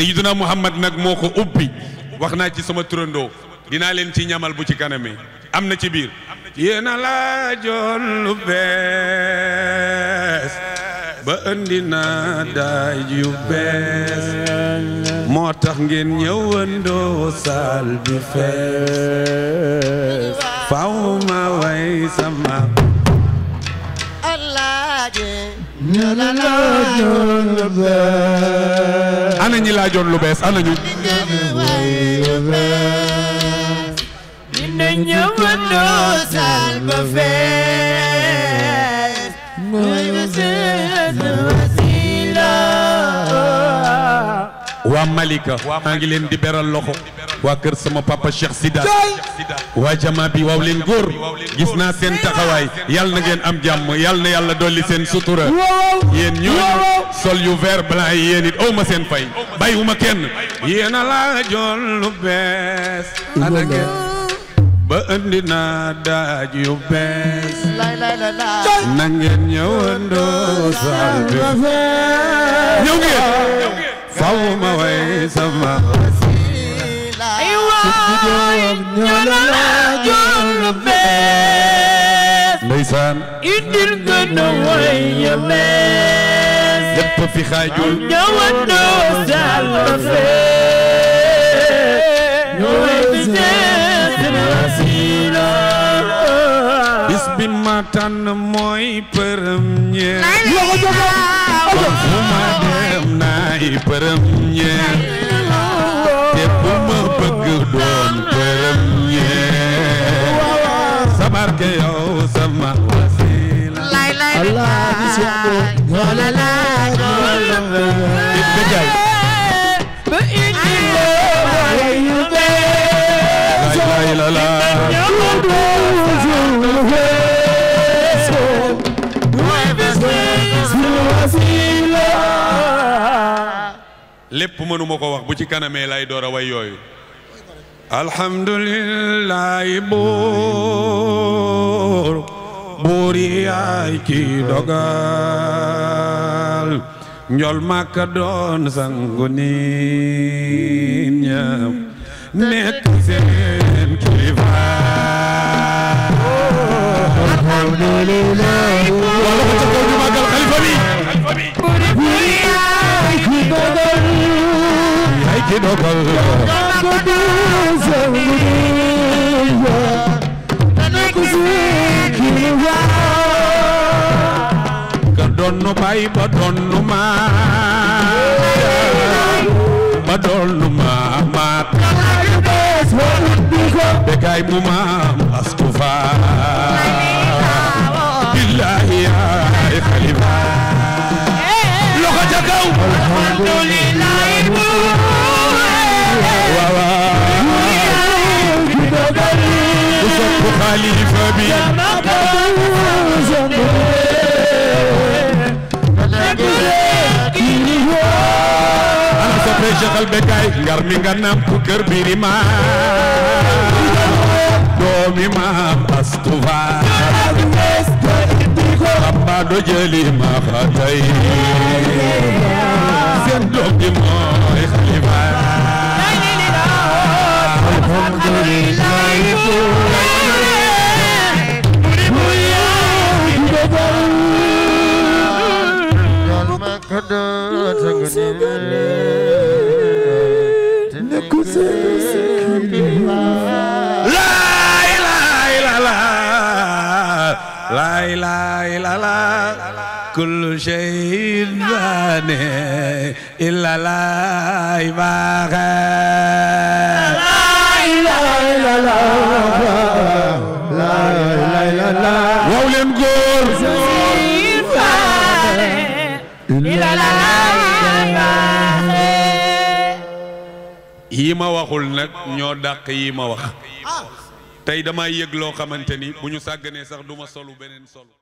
sayiduna muhammad nag moo ko ubbi wax naa ci sama turandoo dinaa leen ci ñamal bu ci kaname am na ci biir yéen a laajoon lu bees ba indi naa daaj yu bees moo tax ngeen ñëwandoo saal bi fees faw ma way sama alaaje ana ñi laajoon lu bees ana ñu. waa Malika maa ngi leen di beral loxo waa kër sama papa Cheikh Sida waa jama bi waaw leen góor gis naa seen taxawaay yal na ngeen am jàmm yal na yàlla dolli seen sutura yéen ñooñu sol yu vert blanc yi yéen it aw ma seen fay bàyyiwuma kenn yéen a laajoon lu bees ana ba indi daaj yu bees na ngeen ñëw sama wasila ay waay ñoo la jox lu bees ndeysaan indil nga nu way ya bees lépp fi xaajul ñëwal na wasal ba fee ñoo di seet wasila bis bi ma tànn mooy përëm ñeer fu ma dem maay premier te bu ma bëgg doon premier sa barke yow sama wasila Allah bi lépp mënuma ko wax bu ci kanamee lay door a way yooyu alhamdulillahi buur buur yaay ci dogal njol màkka doon sangu niin ñëpp nekk seen kilifa alhamdulillah donnu baay ba donnu maam ba donnu maamaat bekaay mu maam astufaat خليفة بي أنا سفري شغل بكاي غرمي غنم كوكر بيريما دومي ما بستوفا ربا دو جلي ما خطاي سين دوم دي موي خليفة الحمد لله لا إله إلا الله كل شيء فاني إلا لا إله لا إله إلا الله لا إله إلا الله yi ma waxul nag ñoo dàq yi ma wax ah. tey dama yëg loo xamante ni bu ñu sàgganee sax duma solu beneen solu